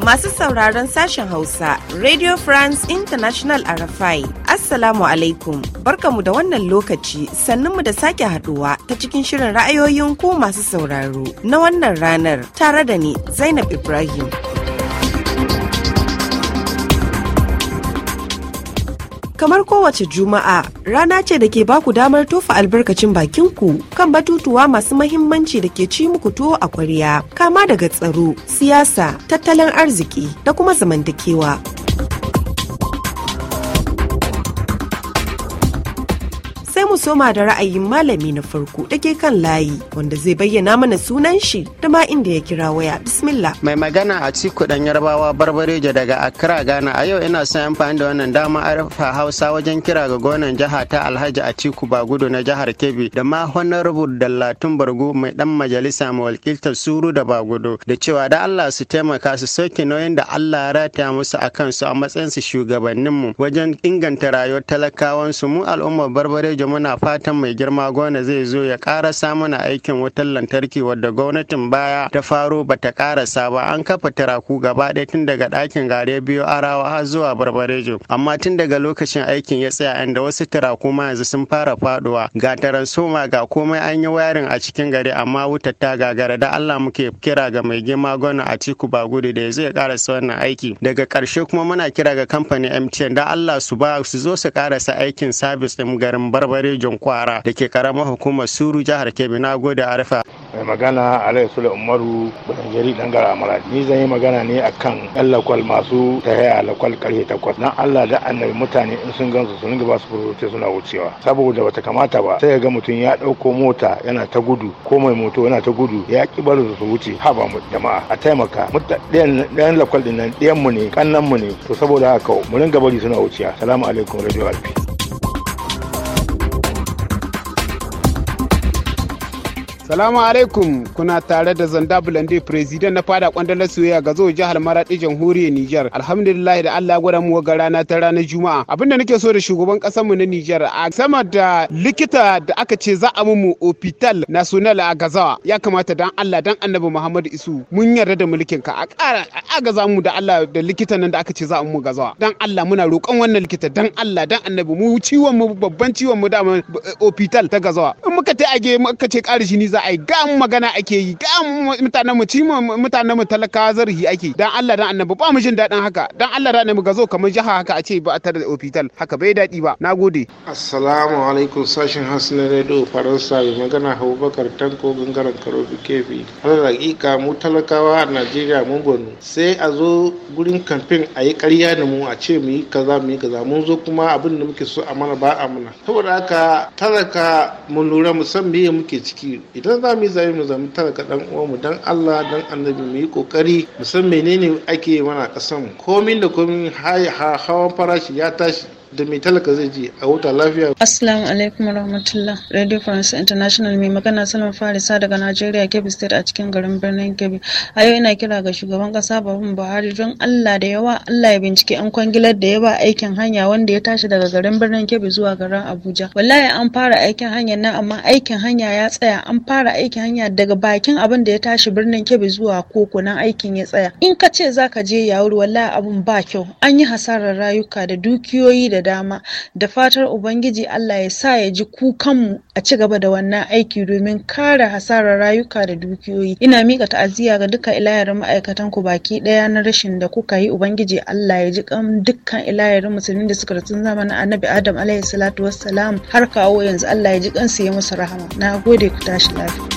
Masu sauraron sashen Hausa, Radio France International Arafai, Assalamu alaikum, mu da wannan lokaci mu da sake haduwa ta cikin shirin ra'ayoyin ku masu sauraro na wannan ranar tare da ni Zainab Ibrahim. kamar kowace juma'a rana ce da ke baku damar tofa albarkacin bakin ku kan batutuwa masu mahimmanci da ke ci muku tuwo a kwarya kama daga tsaro siyasa tattalin arziki da kuma zamantakewa. sai mu soma da ra'ayin malami na farko da ke kan layi wanda zai bayyana mana sunan shi da ma inda ya kira waya bismillah mai magana a ciku dan yarbawa barbareja daga accra gana a yau ina son amfani da wannan dama arfa hausa wajen kira ga gonan jiha ta alhaji a ciku bagudu na jihar kebbi da ma honorable dallatun bargo mai dan majalisa mawalkiltar suru da bagudu da cewa da allah su taimaka su sauke nauyin da allah ya rataya musu a kansu a matsayinsu shugabanninmu wajen inganta rayuwar talakawansu mu al'ummar barbareja muna fatan mai girma gona zai zo ya karasa mana aikin wutar lantarki wadda gwamnatin baya ta faro bata karasa ba an kafa taraku gaba ɗaya tun daga ɗakin gare biyu arawa har zuwa barbarejo amma tun daga lokacin aikin ya tsaya inda wasu taraku ma yanzu sun fara faduwa ga taransoma ga komai an yi wayarin a cikin gari amma wutar ta gagara da Allah muke kira ga mai girma gona a ciku ba gudu da ya zo ya karasa wannan aiki daga karshe kuma muna kira ga kamfanin MTN da Allah su ba su zo su karasa aikin sabis ɗin garin barbarejo barejin kwara da ke karamar hukumar suru jihar kebbi na gode arfa mai magana alayhi sule umaru dan dangara amarat ni zan yi magana ne akan yan lakwal masu tahaya lakwal karfe takwas na allah da annabi mutane in sun gansu sun ringa ba su furuce suna wucewa saboda bata kamata ba sai ga mutum ya ɗauko mota yana ta gudu ko mai moto yana ta gudu ya ki bar su wuce haba mu jama'a a taimaka ɗayan lakwal ɗin nan ɗayan mu ne kannan mu ne to saboda haka mu ringa bari suna wuciya salamu alaikum radio alfi Salamu alaikum kuna tare da Zanda Bulande President na fada kwandalar soyayya ga zuwa jihar Maradi jamhuriyar Nijar. Alhamdulillah da Allah gwada mu ga rana ta ranar Juma'a. Abin da nake so da shugaban kasar mu na Nijar a sama da likita da aka ce za a mu Hospital National a Gazawa ya kamata dan Allah dan Annabi Muhammad Isu mun yarda da mulkin ka a gaza mu da Allah da likitan nan da aka ce za a mu Gazawa. Dan Allah muna roƙon wannan likita dan Allah dan Annabi mu ciwon mu babban ciwon mu da Hospital eh, ta Gazawa. In muka ta age muka ce ƙara ni za a yi ga magana ake yi ga mutanen mu ci mutanen mu talakawa zarhi ake dan Allah dan annabi ba mu jin daɗin haka dan Allah dan annabi ga zo kamar jiha haka a ce ba a tare da hospital haka bai daɗi ba nagode assalamu alaikum sashin hasna radio faransa mai magana Abubakar Tanko gangaren Karobi Kefi har hakika mu talakawa a Najeriya mun gwanu sai a zo gurin kamfen a yi ƙarya da mu a ce mu yi kaza mu yi kaza mun zo kuma abin da muke so a mana ba a mana saboda haka talaka mun lura mu san me muke ciki idan za mu yi zaɓe mu zamu talaka dan mu dan Allah dan annabi mu yi kokari mu san menene ake mana ƙasan komin da komin hawan farashi ya tashi da mai talaka zai ji a huta lafiya. Assalamu alaikum rahmatullah. Radio France International mai magana Salman Farisa daga Najeriya Kebbi State a cikin garin birnin Kebbi. A yau ina kira ga shugaban kasa Babban Buhari don Allah da yawa Allah ya bincike an kwangilar da ya ba aikin hanya wanda ya tashi daga garin birnin Kebbi zuwa garin Abuja. Wallahi an fara aikin hanya nan amma aikin hanya ya tsaya an fara aikin hanya daga bakin abin da ya tashi birnin Kebbi zuwa Koko nan aikin ya tsaya. In ka ce zaka je yawur wallahi abun ba kyau. An yi hasarar rayuka da dukiyoyi da dama da fatar ubangiji allah ya sa ya ji kukanmu a ci gaba da wannan aiki domin kare hasarar rayuka da dukiyoyi ina mika ta'aziyya ga duka ilayarin ma'aikatan ku baki daya na rashin da kuka yi ubangiji allah ya ji kan dukkan ilayarin musulmin da suka rasu zamanin annabi adam alaihi salatu wassalam har kawo yanzu allah ya ji kansu ya musu rahama na gode ku tashi lafiya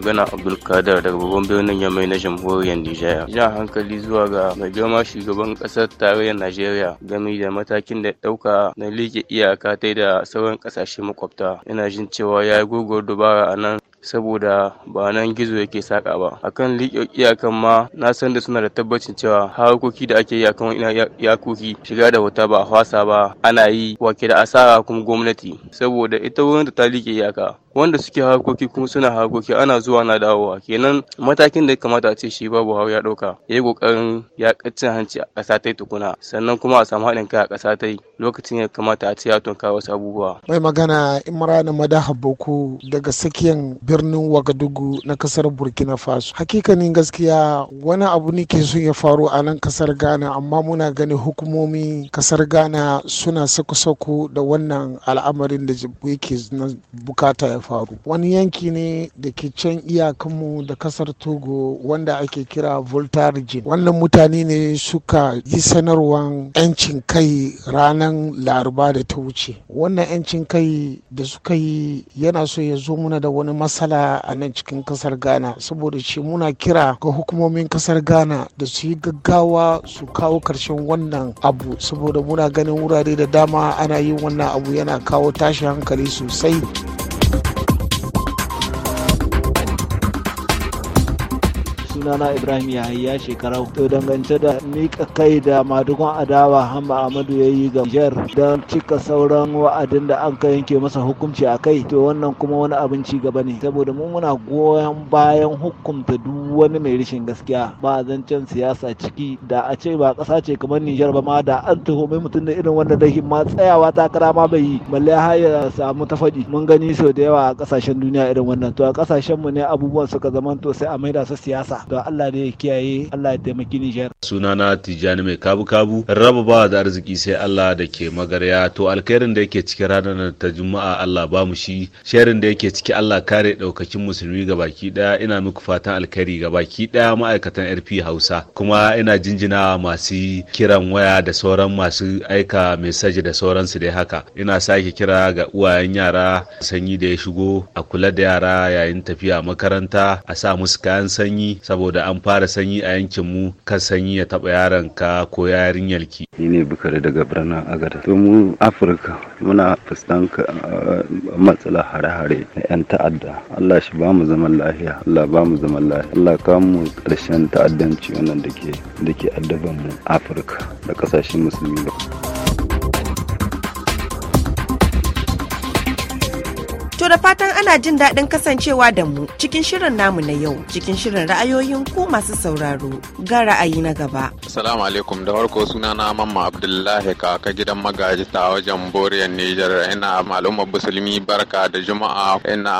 magana Abdulkadir daga babban birnin Yamai na jamhuriyar Nijar. Ina hankali zuwa ga mai girma shugaban ƙasar tarayyar Najeriya game da matakin da ɗauka na liƙe iyaka ta da sauran ƙasashe makwabta. Ina jin cewa ya yi gogor dubara a nan saboda ba nan gizo yake saka ba akan liƙe iyakan ma na san da suna da tabbacin cewa harkoki da ake yi akan yakoki. shiga da wata ba hwasa ba ana yi wake da asara kuma gwamnati saboda ita wurin da ta liƙe iyaka wanda suke harkoki kuma suna harkoki ana zuwa na dawowa kenan matakin da ya kamata a ce shi babu hau ya ɗauka ya yi ƙoƙarin ya hanci a ƙasa tukuna sannan kuma a samu haɗin kai a ƙasa lokacin ya kamata a ce ya tunka wasu abubuwa. Mai magana Imrana Madaha haboku daga sakiyan birnin Wagadugu na kasar Burkina Faso. Hakikanin gaskiya wani abu ne ke so ya faru a nan kasar Ghana amma muna gani hukumomi kasar Ghana suna sako-sako da wannan al'amarin da yake na bukata ya faru. Wani yanki ne da ke can iyakanmu da kasar Togo wanda ake kira Volta Region. Wannan mutane ne suka yi sanarwar 'yancin kai ranar ranar laraba da ta wuce wannan 'yancin kai da suka yi yana so ya zo muna da wani matsala a nan cikin kasar ghana saboda shi muna kira ga hukumomin kasar ghana da su yi gaggawa su kawo karshen wannan abu saboda muna ganin wurare da dama ana yin wannan abu yana kawo tashin hankali sosai sunana ibrahim yahaya shekara to dangance da mika kai da madugon adawa hamba amadu ya yi ga jihar don cika sauran wa'adin da an ka yanke masa hukunci a kai to wannan kuma wani abin ci gaba ne saboda mu muna goyon bayan hukunta duk wani mai rashin gaskiya ba zancen siyasa ciki da a ce ba ƙasa ce kamar nijar ba ma da an tuhumi mutum da irin wanda dahi ma tsayawa takara ma bai yi balle har ya samu tafaɗi mun gani sau da yawa a ƙasashen duniya irin wannan to a ƙasashen mu ne abubuwan suka zama to sai a maida su siyasa don Allah ne ya kiyaye Allah ya taimaki Nijar. Sunana Tijjani mai kabu kabu raba ba da arziki sai Allah da ke magarya to alkhairin da yake cikin ranar ta Juma'a Allah ba mu shi sharin da yake ciki Allah kare daukakin musulmi ga baki daya ina muku fatan alkhairi ga baki daya ma'aikatan RP Hausa kuma ina jinjina masu kiran waya da sauran masu aika mesaji da sauransu dai haka ina sake kira ga uwayen yara sanyi da ya shigo a kula da yara yayin tafiya makaranta a sa musu kayan sanyi saboda an fara sanyi a yankin mu ka sanyi ya taba yaron ka ko yarinyarki. yalki ni ne bukari daga birnin agada to mu afirka muna fuskantar ah, matsala hare-hare na yan ta'adda Allah shi ba mu zaman lafiya Allah ba mu zaman lafiya Allah ka mu karshen ta'addanci wannan da ke addaban mu Afirka da kasashen musulmi ba. da fatan ana jin daɗin kasancewa da mu cikin shirin namu na yau cikin shirin ra'ayoyin ku masu sauraro ga ra'ayi na gaba. Assalamu alaikum da warko suna na mamma Abdullahi kaka gidan magaji ta wajen Boriyan Nijar ina malumar musulmi barka da juma'a ina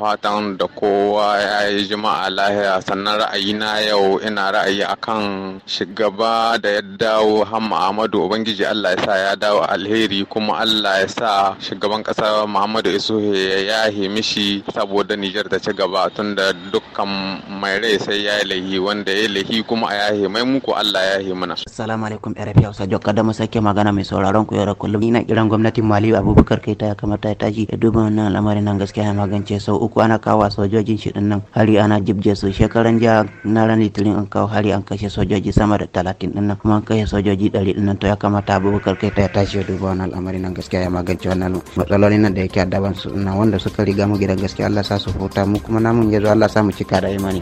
fatan da kowa ya yi juma'a lahiya sannan ra'ayi na yau ina ra'ayi akan shugaba da ya dawo hamma Ahmadu Ubangiji Allah ya sa ya dawo alheri kuma Allah ya sa shugaban ƙasa Muhammadu Isuhu ya yahe mishi saboda Nijar ta ci gaba da dukkan mai rai sai ya lahi wanda ya lahi kuma a yahe mai muku Allah ya yahe mana. Assalamu alaikum RFI Hausa Jokka da sake magana mai sauraron ku yau kullum ina kiran gwamnatin Mali Abubakar Keita ya kamata ya tashi ya duba wannan al'amarin nan gaskiya ya magance sau uku ana kawo sojojin shi nan hari ana jibje su shekaran jiya na ran litinin an kawo hari an kashe sojoji sama da talatin din nan kuma an kashe sojoji ɗari din nan to ya kamata Abubakar Keita ya tashi ya duba wannan al'amarin nan gaskiya ya magance wannan matsalolin nan da yake daban su nan wanda da suka riga mu gidan gaske Allah sa su huta mu kuma namun yanzu Allah sa mu cika da imani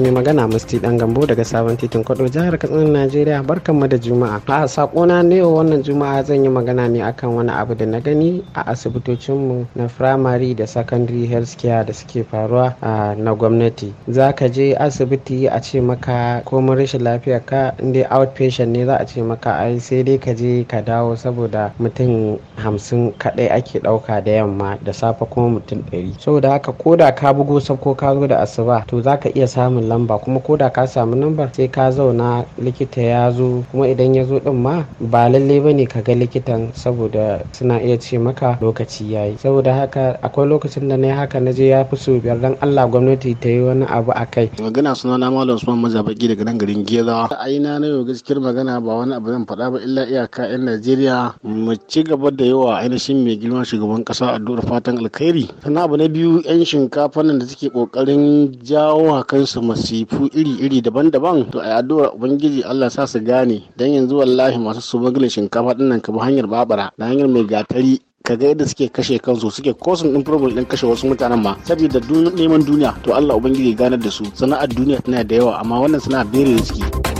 mai magana musti dan gambo daga sabon titin kwado jihar katsina najeriya barkanmu da juma'a a sakona ne wannan juma'a zan yi magana ne akan wani abu da na gani a asibitocin mu na firamare da secondary health care da suke faruwa na gwamnati za ka je asibiti a ce maka komai rashin lafiya ka inda outpatient ne za a ce maka ai sai dai ka je ka dawo saboda mutum hamsin kadai ake ɗauka da yamma da safe kuma mutum ɗari saboda haka ko da ka bugo sabko ka zo da asuba to za ka iya samun samun lamba kuma ko da ka samu lambar sai ka zauna likita ya zo kuma idan ya zo din ma ba lalle ba ne ka ga likitan saboda suna iya ce maka lokaci ya yi saboda haka akwai lokacin da na yi haka na je ya fi so biyar dan Allah gwamnati ta yi wani abu a kai. magana suna na malam usman mazabaki daga nan garin a ra'ayina na yau gaskiyar magana ba wani abu zan faɗa ba illa iyaka 'yan najeriya mu ci gaba da yawa ainihin mai girma shugaban kasa a addu'ar fatan alkhairi sannan abu na biyu 'yan shinkafa nan da suke kokarin jawo ma masifu iri-iri daban-daban to a addu'ar ubangiji Allah sa su gane dan yanzu wallahi masu smuggling shinkafa dinnan ka bi hanyar babara da hanyar mai gatari ka ga yadda suke kashe kansu suke kosin din problem din kashe wasu mutanen ma saboda neman duniya to Allah ubangiji ganar da su sana'ar duniya tana da yawa amma wannan sana'a bere suke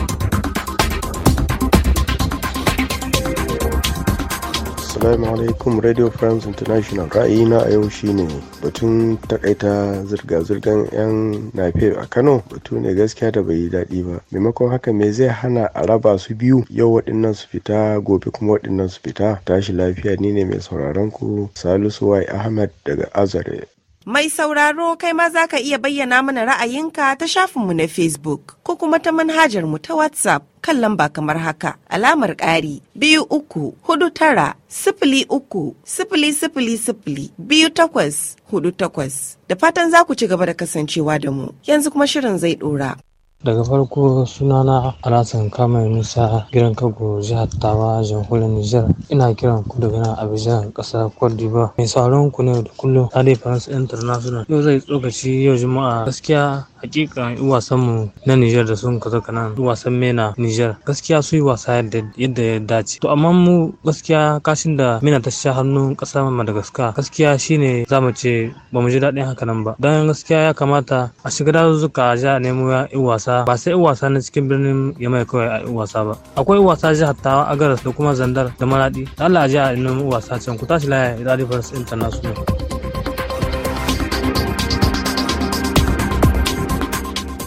Assalamu alaikum Radio France International ra'ayina a yau shine batun takaita zirga-zirgan 'yan nafe a Kano batu ne gaskiya da bai yi daɗi ba. Maimakon haka me zai hana a raba su biyu yau waɗannan su fita gobe kuma waɗannan su fita tashi lafiya ni ne mai sauraron ku Salisu wai Ahmed daga Azare. Mai sauraro kai ma za ka iya bayyana mana ra'ayinka ta shafinmu na Facebook ko kuma ta manhajar mu ta WhatsApp kan lamba kamar haka alamar ƙari biyu uku hudu tara sifili uku sifili sifili sifili biyu takwas hudu takwas. Da fatan za ku ci gaba da kasancewa da mu yanzu kuma shirin zai ɗora. Daga farko sunana alasan kama Musa gidan Kago jihar Tawa jamhuriyar Nijar. Ina kiran ku daga nan Abidjan ƙasar Cote d'Ivoire. Mai sauraron ku ne da kullum Radio Faransa International. Yau zai tsokaci yau Juma'a gaskiya hakika wasan mu na Niger da sun kaza kanan wasan mena Niger gaskiya su yi wasa yadda yadda ya dace to amma mu gaskiya kashin da mena ta sha hannun kasa Madagascar gaskiya shine zamu ce ba mu ji daɗin haka nan ba dan gaskiya ya kamata a shiga dazuzzuka ja nemo ya yi wasa ba sai yi wasa na cikin birnin ya mai kawai a yi wasa ba akwai wasa jihar tawa agaras da kuma zandar da maradi Allah ya ji a wasa can ku tashi laya da Farce International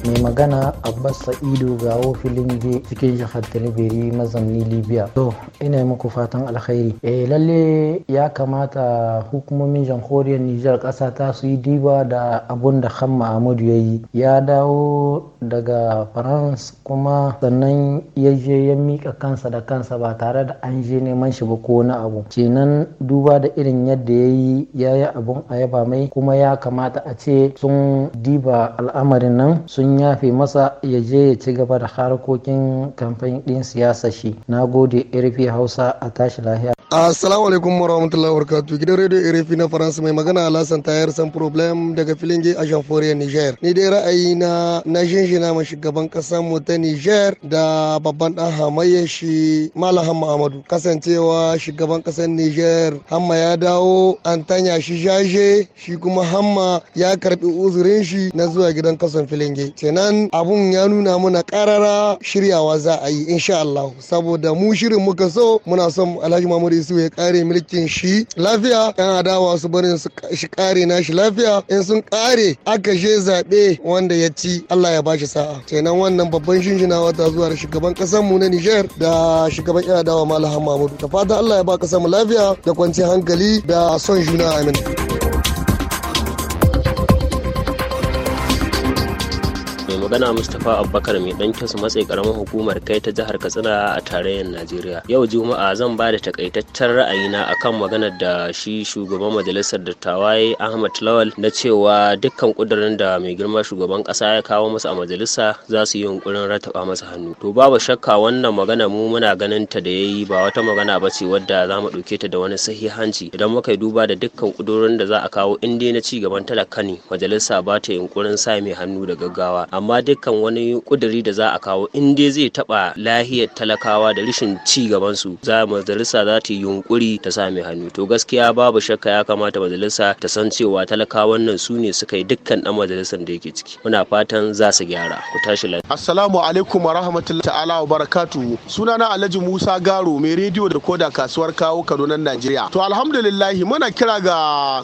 mai magana abbas sa'idu ga filin je cikin jihar talibiri mazamni libya to ina muku fatan alkhairi eh lalle ya kamata hukumomin jamhuriyar nijar ƙasa ta su yi diba da abun da hamma amadu ya yi ya dawo daga france kuma sannan ya je ya mika kansa da kansa ba tare da an je neman shi ba ko wani abu kenan duba da irin yadda ya yi ya yi abun a yaba mai kuma ya kamata a ce sun diba al'amarin nan sun ya fi masa ya je ya ci gaba da harkokin kamfen din siyasa shi na gode irfi hausa a tashi lahiya Assalamu alaikum warahmatullahi wabarakatuh gidan radio irfi na Faransa mai magana Alasan Tayar San Problem daga Filinge a Jamforiyar Niger. Ni dai ra'ayi na na shinshina ma shugaban kasan mu ta Niger da babban dan hamayya shi Malam Hamma amadu Kasancewa shugaban kasan Niger Hamma ya dawo an tanya shi jaje shi kuma Hamma ya karbi uzurin shi na zuwa gidan kasan Filinge. kenan abun ya nuna mana karara shiryawa za a yi insha Allah saboda mu shirin muka so muna son Alhaji Muhammad Isu ya kare mulkin shi lafiya yan adawa su barin su shi kare nashi lafiya in sun kare aka je zabe wanda ya ci Allah ya bashi sa'a kenan wannan babban shinjinawa ta zuwa shugaban kasar mu na Niger da shugaban yan adawa Malam Muhammadu da fata Allah ya ba kasan mu lafiya da kwanciyar hankali da son juna amin. magana Mustapha Abubakar mai dan kyasu matsayi karamin hukumar kai ta jihar Katsina a tarayyar Najeriya. Yau Juma'a zan ba da takaitaccen ra'ayina akan maganar da shi shugaban majalisar dattawa Ahmad Lawal na cewa dukkan kudirin da mai girma shugaban kasa ya kawo masa a majalisa za su yi yunkurin rataba masa hannu. To babu shakka wannan magana mu muna ganin ta da yayi ba wata magana ba ce wadda za mu ɗauke ta da wani sahihanci idan muka duba da dukkan kudurin da za a kawo in na ci gaban talaka ne majalisa ba ta yunkurin sa mai hannu da gaggawa amma dukkan wani kuduri da za a kawo in dai zai taba lahiyar talakawa da rashin ci gaban su za majalisa za ta yi yunkuri ta sa hannu to gaskiya babu shakka ya kamata majalisa ta san cewa talakawan nan su ne suka yi dukkan dan majalisar da yake ciki muna fatan za su gyara ku tashi lafiya assalamu alaikum wa rahmatullahi ta'ala wa barakatuhu sunana Alhaji Musa Garo mai rediyo da koda kasuwar kawo Kaduna Najeriya to alhamdulillah muna kira ga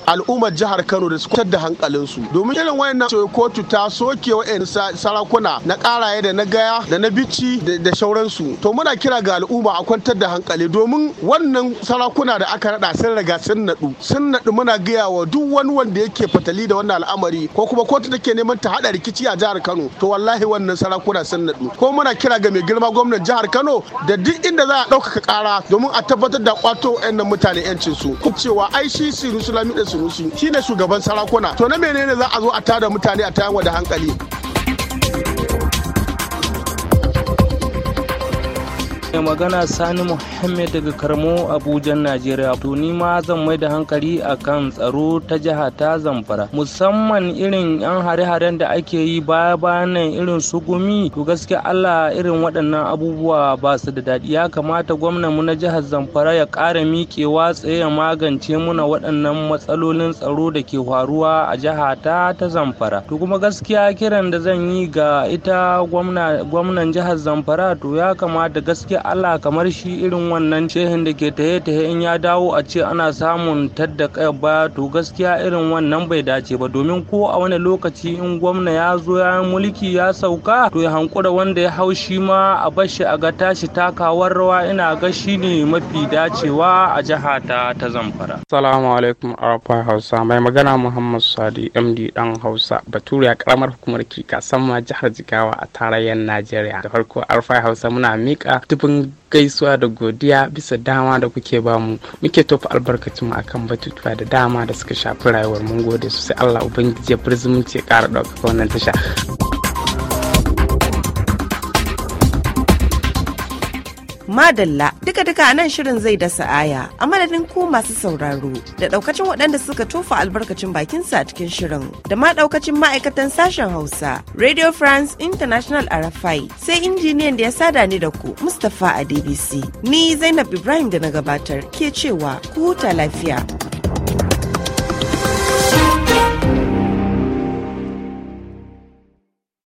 al'ummar jihar Kano da su kwatar da hankalinsu domin irin wayannan kotu ta soke wayannan sarakuna na karaye da na gaya da na bici da shauransu to muna kira ga al'umma a kwantar da hankali domin wannan sarakuna da aka rada sun riga sun nadu sun nadu muna gaya wa duk wani wanda yake fatali da wannan al'amari ko kuma kotu take neman ta hada rikici a jihar Kano to wallahi wannan sarakuna sun nadu ko muna kira ga mai girma gwamnan jihar Kano da duk inda za a ɗaukaka kara domin a tabbatar da kwato wayannan mutane yancin su ku cewa ai shi Sinusu Lamido shi shine shugaban sarakuna to na menene za a zo a tada mutane a tayan da hankali mai magana sani muhammed daga karmo abuja najeriya to ni ma zan mai da hankali a kan tsaro ta jiha ta zamfara musamman irin yan hare-haren da ake yi baya bayan irin su gumi to gaskiya allah irin waɗannan abubuwa ba su da daɗi ya kamata gwamnanmu na jihar zamfara ya ƙara miƙewa tsaye ya magance muna waɗannan matsalolin tsaro da ke faruwa a jiha ta ta zamfara to kuma gaskiya kiran da zan yi ga ita gwamnan jihar zamfara to ya kamata gaskiya Allah kamar shi irin wannan shehin da ke taye-taye in ya dawo a ce ana samun tadda ba to gaskiya irin wannan bai dace ba domin ko a wani lokaci in gwamna ya zo ya mulki ya sauka to ya hankura wanda ya hau shi ma a bashi a ga tashi takawar rawa ina ga shi ne mafi dacewa a jiha ta ta zamfara. Salamu alaikum Arafa Hausa mai magana Muhammad Sadi MD dan Hausa Bature karamar hukumar Kika ma jihar Jigawa a tarayyar Najeriya. Da farko Arafa Hausa muna mika tufin gaisuwa da godiya bisa dama da kuke ba mu muke tofa albarkacin mu akan batutuwa da dama da suka shafi rayuwar mun gode sai Allah ubangiji ya birzumunci ya kara ɗaukaka wannan tasha. Madalla duka duka nan shirin zai dasa aya a madadin ku masu sauraro da daukacin waɗanda suka tofa albarkacin bakin sa cikin shirin da ma daukacin ma'aikatan sashen Hausa Radio France International RFI sai injiniyan da ya sada ni da ku Mustapha a DBC ni Zainab Ibrahim da na gabatar ke cewa ku huta lafiya.